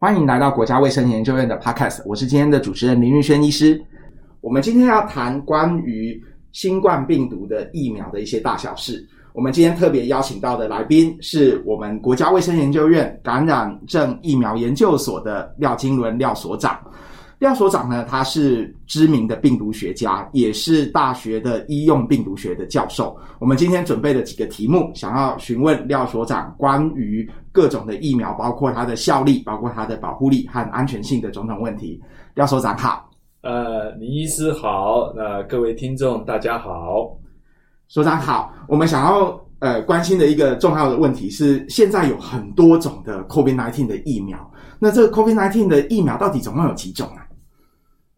歡迎來到國家衛生研究院的 Podcast，我是今天的主持人林玉軒醫師。我們今天要談關於新冠病毒的疫苗的一些大小事。我們今天特別邀請到的來賓是我們國家衛生研究院感染症疫苗研究所的廖經倫廖所長。廖所長呢，他是知名的病毒學家，也是大學的醫用病毒學的教授。我們今天準備了幾個題目，想要詢問廖所長關於各種的疫苗，包括它的效力，包括它的保護力和安全性的種種問題。廖所長好，呃，林醫師好，那，呃、各位聽眾大家好，所長好。我們想要呃關心的一個重要的問題是，現在有很多種的 COVID-19 的疫苗，那這個 COVID-19 的疫苗到底總共有幾種呢？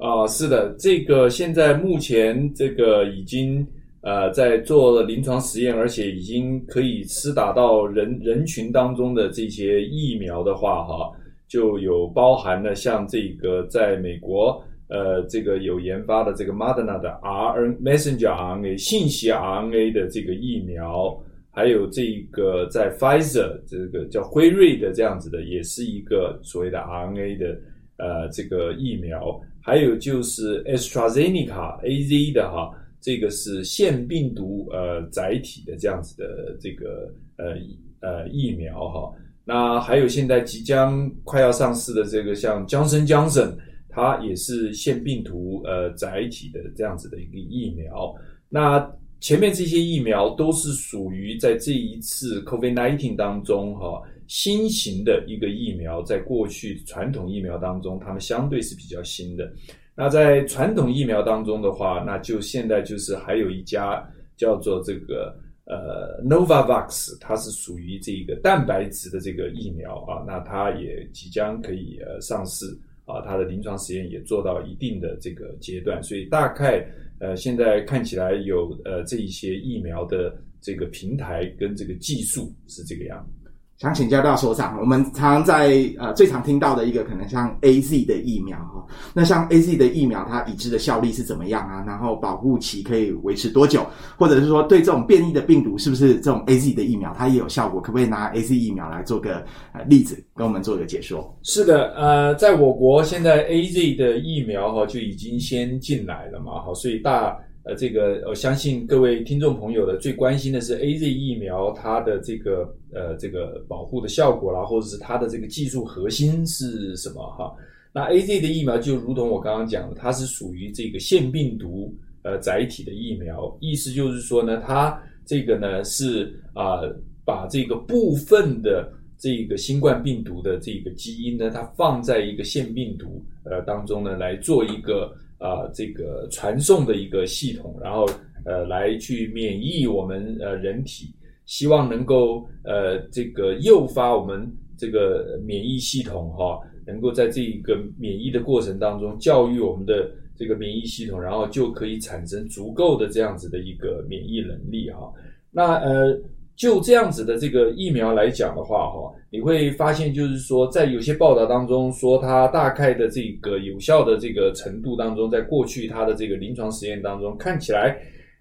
啊，是的，這個現在目前這個已經呃在做了臨床實驗，而且已經可以施打到人人群當中的這些疫苗的話，哈，就有包含了像這個在美國呃這個有研發的這個 Moderna 的 RNA messenger RNA 信息 RNA 的這個疫苗，還有這個在 Pfizer 這個叫輝瑞的這樣子的，也是一個所謂的 RNA 的。呃，這個疫苗，還有就是 AstraZeneca，AZ 的哈，這個是腺病毒呃載體的這樣子的這個呃呃疫苗哈。那還有現在即將快要上市的這個像 Johnson Johnson，它也是腺病毒呃載體的這樣子的一個疫苗。那前面這些疫苗都是屬於在這一次 COVID-19 當中哈。新型的一個疫苗，在過去傳統疫苗當中，它們相對是比較新的。那在傳統疫苗當中的話，那就現在就是還有一家叫做這個呃 Novavax，它是屬於這個蛋白質的這個疫苗啊。那它也即將可以呃上市啊，它的臨床實驗也做到一定的這個階段，所以大概呃現在看起來有呃這一些疫苗的這個平台跟這個技術是這個樣子。想請教廖所長，我們常常在呃最常聽到的一個可能像 A Z 的疫苗哈，那像 A Z 的疫苗，它已知的效力是怎麼樣啊？然後保護期可以維持多久？或者是說對這種變異的病毒，是不是這種 A Z 的疫苗它也有效果？可不可以拿 A Z 疫苗來做個呃例子，跟我們做個解說？是的，呃，在我國現在 A Z 的疫苗哈就已經先進來了嘛哈，所以大。呃，這個我相信各位聽眾朋友的最關心的是 AZ 疫苗它的這個呃這個保護的效果啦，或者是它的這個技術核心是什麼哈？那 AZ 的疫苗就如同我剛剛講的，它是屬於這個腺病毒呃載體的疫苗，意思就是說呢，它這個呢是啊、呃、把這個部分的這個新冠病毒的這個基因呢，它放在一個腺病毒呃當中呢來做一個。啊、呃，這個傳送的一個系統，然後呃，來去免疫我們呃人體，希望能夠呃這個誘發我們這個免疫系統哈、哦，能夠在這一個免疫的過程當中教育我們的這個免疫系統，然後就可以產生足夠的這樣子的一個免疫能力哈、哦。那呃。就這樣子的這個疫苗來講的話，哈，你會發現，就是說，在有些報道當中說，它大概的這個有效的這個程度當中，在過去它的這個臨床實驗當中，看起來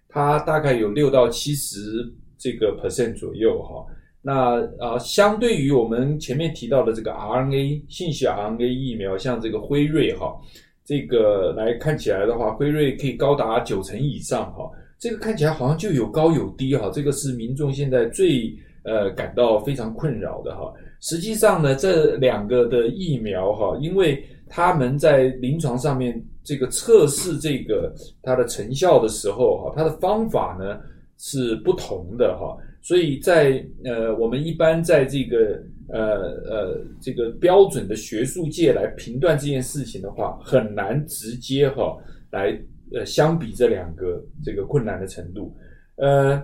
它大概有六到七十這個 percent 左右，哈。那啊，相對於我們前面提到的這個 RNA 信息 RNA 疫苗，像這個輝瑞哈，這個來看起來的話，輝瑞可以高達九成以上，哈。這個看起來好像就有高有低哈，這個是民眾現在最呃感到非常困擾的哈。實際上呢，這兩個的疫苗哈，因為他們在臨床上面這個測試這個它的成效的時候哈，它的方法呢是不同的哈。所以在呃我們一般在這個呃呃這個標準的學術界來評斷這件事情的話，很難直接哈來。呃，相比這兩個這個困難的程度，呃，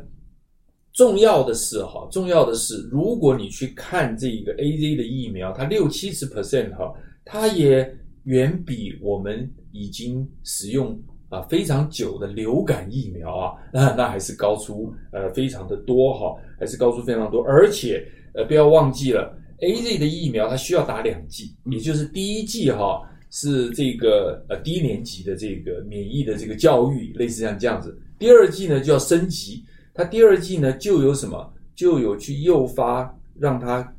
重要的是哈、啊，重要的是，如果你去看這個 AZ 的疫苗，它六七十 percent 哈，它也遠比我們已經使用啊非常久的流感疫苗啊，那、啊、那還是高出呃非常的多哈、啊，還是高出非常多，而且呃，不要忘記了 AZ 的疫苗它需要打兩劑，也就是第一劑哈。啊是這個呃低年級的這個免疫的這個教育，類似像這樣子。第二劑呢就要升級，它第二劑呢就有什麼，就有去誘發讓他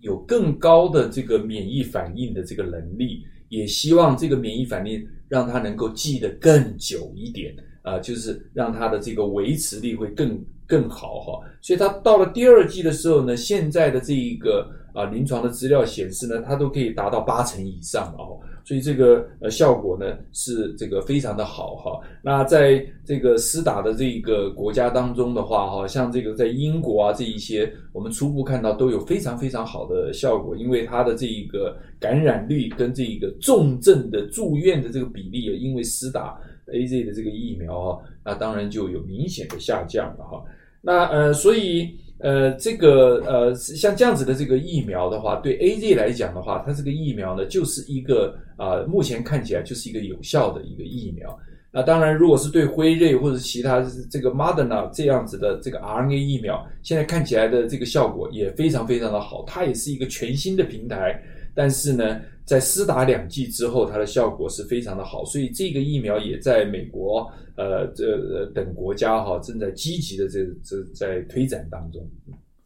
有更高的這個免疫反應的這個能力，也希望這個免疫反應讓他能夠記得更久一點啊、呃，就是讓他的這個維持力會更更好哈、哦。所以他到了第二劑的時候呢，現在的這一個啊、呃、臨床的資料顯示呢，它都可以達到八成以上哦。所以這個呃效果呢是這個非常的好哈。那在這個施打的這個國家當中的話哈，像這個在英國啊這一些，我們初步看到都有非常非常好的效果，因為它的這一個感染率跟這一個重症的住院的這個比例，因為施打 AZ 的這個疫苗哈，那當然就有明顯的下降了哈。那呃所以。呃，這個呃，像這樣子的這個疫苗的話，對 AZ 來講的話，它這個疫苗呢，就是一個啊、呃，目前看起來就是一個有效的一個疫苗。那當然，如果是對輝瑞或者其他這個 Moderna 這樣子的這個 RNA 疫苗，現在看起來的這個效果也非常非常的好，它也是一個全新的平台。但是呢。在施打兩劑之後，它的效果是非常的好，所以這個疫苗也在美國、呃、這等國家哈、啊、正在積極的這這在推展當中。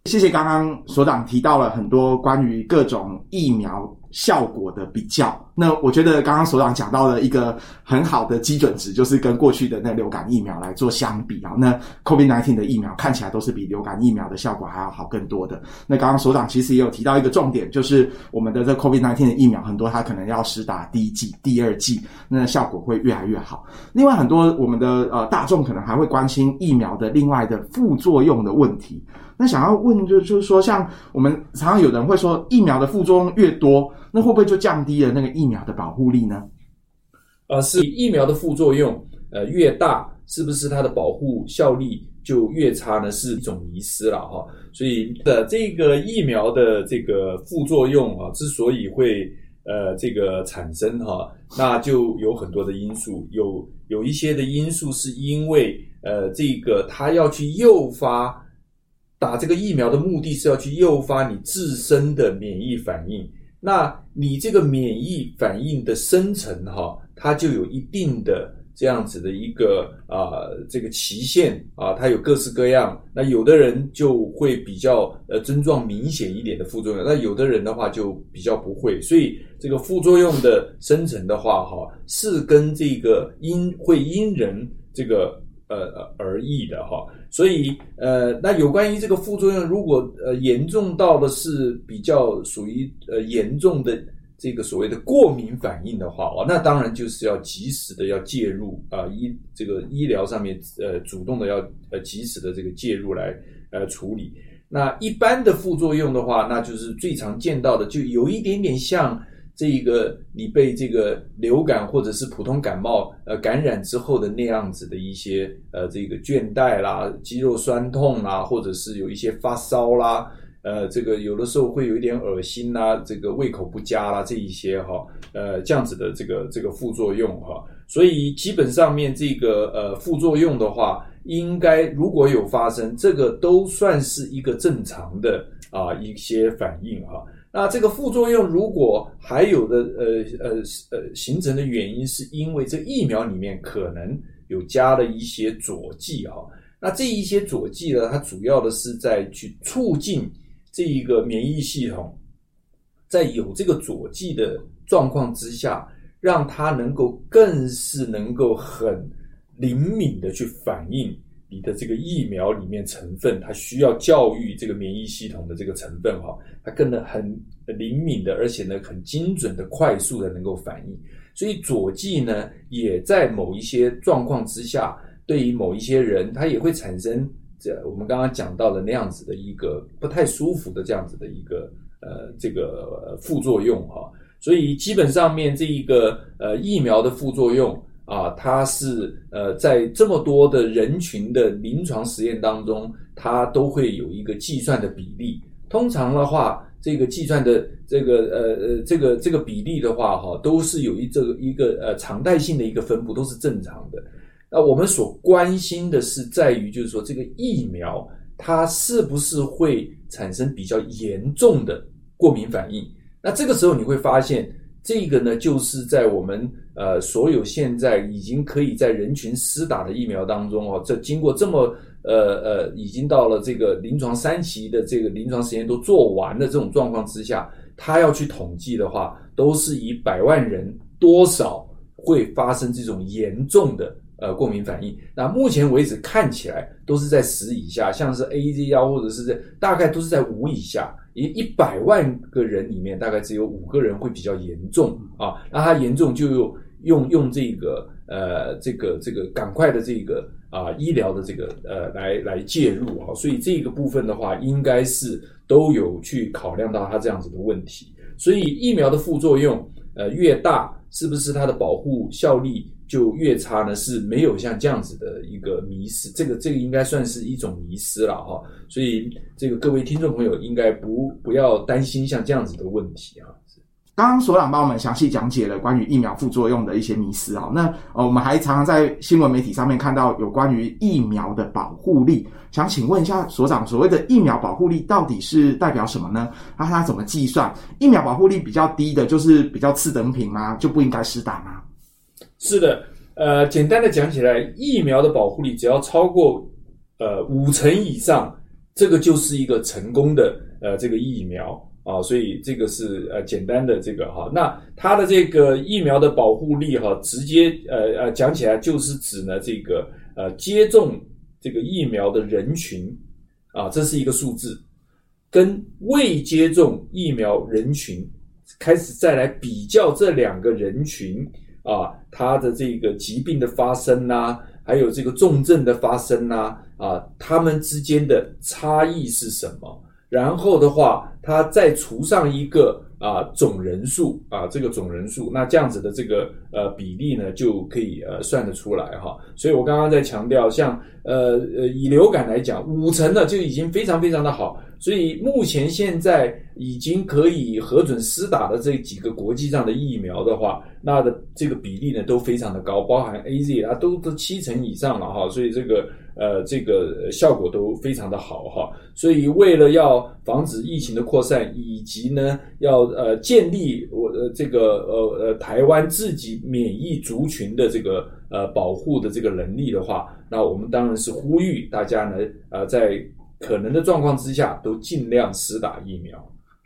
謝謝，剛剛所長提到了很多關於各種疫苗。效果的比較，那我覺得剛剛所長講到了一個很好的基準值，就是跟過去的那流感疫苗來做相比啊，那 COVID-19 的疫苗看起來都是比流感疫苗的效果還要好更多的。那剛剛所長其實也有提到一個重點，就是我們的這 COVID-19 的疫苗，很多它可能要施打第一劑、第二劑，那效果會越來越好。另外，很多我們的呃大眾可能還會關心疫苗的另外的副作用的問題。那想要問就就是說，像我們常常有人會說，疫苗的副作用越多，那會不會就降低了那個疫苗的保護力呢？呃、啊，是疫苗的副作用，呃，越大是不是它的保護效力就越差呢？是一種迷思了哈、哦。所以的、呃、這個疫苗的這個副作用啊，之所以會呃這個產生哈、啊，那就有很多的因素，有有一些的因素是因為呃這個它要去誘發打這個疫苗的目的是要去誘發你自身的免疫反應。那你這個免疫反應的生成、啊，哈，它就有一定的這樣子的一個啊、呃，這個期限啊，它有各式各樣。那有的人就會比較呃症狀明顯一點的副作用，那有的人的話就比較不會。所以這個副作用的生成的話、啊，哈，是跟這個因會因人這個呃而異的哈、啊。所以，呃，那有關於這個副作用，如果呃嚴重到的是比較屬於呃嚴重的這個所謂的過敏反應的話，哦，那當然就是要及時的要介入啊，呃，醫，這個醫療上面呃主動的要呃及時的這個介入來呃處理。那一般的副作用的話，那就是最常見到的，就有一點點像。這一個你被這個流感或者是普通感冒呃感染之後的那樣子的一些呃這個倦怠啦、肌肉痠痛啦，或者是有一些發燒啦，呃這個有的時候會有一點噁心啦，這個胃口不佳啦這一些哈呃這樣子的這個這個副作用哈，所以基本上面這個呃副作用的話，應該如果有發生，這個都算是一個正常的啊、呃、一些反應哈。那這個副作用如果還有的，呃呃呃，形成的原因是因為這疫苗裡面可能有加了一些佐劑啊、哦。那這一些佐劑呢，它主要的是在去促進這一個免疫系統，在有這個佐劑的狀況之下，讓它能夠更是能夠很靈敏的去反應。你的這個疫苗裡面成分，它需要教育這個免疫系統的這個成分哈，它更能很靈敏的，而且呢很精準的、快速的能夠反應。所以佐劑呢，也在某一些狀況之下，對於某一些人，它也會產生這我們剛剛講到的那樣子的一個不太舒服的這樣子的一個呃這個副作用哈。所以基本上面這一個呃疫苗的副作用，啊，它是呃，在這麼多的人群的臨床實驗當中，它都會有一個計算的比例。通常的話，這個計算的這個呃呃，這個這個比例的話哈，都是有一這個一個呃常態性的一個分布，都是正常的。那我們所關心的是在於，就是說這個疫苗它是不是會產生比較嚴重的過敏反應？那這個時候你會發現。這個呢，就是在我們呃所有現在已經可以在人群施打的疫苗當中哦，這經過這麼呃呃，已經到了這個臨床三期的這個臨床實驗都做完的這種狀況之下，他要去統計的話，都是以百萬人多少會發生這種嚴重的呃過敏反應。那目前為止看起來都是在十以下，像是 AZ 啊，或者是這，大概都是在五以下。一一百萬個人裡面，大概只有五個人會比較嚴重啊。那他嚴重就用用用這個呃這個這個趕快的這個啊醫療的這個呃來來介入啊。所以這個部分的話，應該是都有去考量到他這樣子的問題。所以疫苗的副作用呃越大，是不是它的保護效力就越差呢？是沒有像這樣子的一個迷思，這個這個應該算是一種迷思了哈。所以這個各位聽眾朋友應該不不要擔心像這樣子的問題哈。剛剛所長幫我們詳細講解了關於疫苗副作用的一些迷思啊，那呃，我們還常常在新聞媒體上面看到有關於疫苗的保護力，想請問一下所長，所謂的疫苗保護力到底是代表什麼呢？啊，它他怎麼計算？疫苗保護力比較低的，就是比較次等品嗎？就不應該施打嗎？是的，呃，簡單的講起來，疫苗的保護力只要超過呃五成以上，這個就是一個成功的呃這個疫苗。啊，所以這個是呃簡單的這個哈、啊，那它的這個疫苗的保護力哈、啊，直接呃呃講起來就是指呢這個呃接種這個疫苗的人群啊，這是一個數字，跟未接種疫苗人群開始再來比較這兩個人群啊，它的這個疾病的發生吶、啊，還有這個重症的發生吶、啊，啊，他們之間的差異是什麼？然後的話。它再除上一個啊總人數啊這個總人數，那這樣子的這個呃比例呢就可以呃算得出來哈。所以我剛剛在強調像，像呃呃以流感來講，五成的就已經非常非常的好。所以目前現在已經可以核准施打的這幾個國際上的疫苗的話，那的這個比例呢都非常的高，包含 AZ 啊都都七成以上了哈。所以這個。呃，這個效果都非常的好哈，所以為了要防止疫情的擴散，以及呢，要呃建立我呃這個呃呃台灣自己免疫族群的這個呃保護的這個能力的話，那我們當然是呼籲大家呢，呃，在可能的狀況之下，都盡量施打疫苗。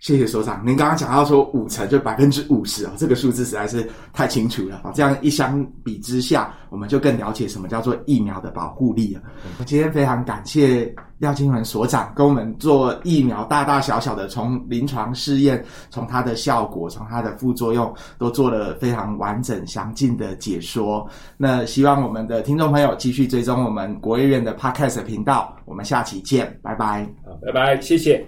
謝謝所長，您剛剛講到說五成就百分之五十啊，這個數字實在是太清楚了啊。這樣一相比之下，我們就更了解什麼叫做疫苗的保護力了。我今天非常感謝廖經倫所長跟我們做疫苗大大小小的，從臨床試驗，從它的效果，從它的副作用，都做了非常完整詳盡的解說。那希望我們的聽眾朋友繼續追蹤我們國衛院的 Podcast 頻道，我們下期見，拜拜。好，拜拜，謝謝。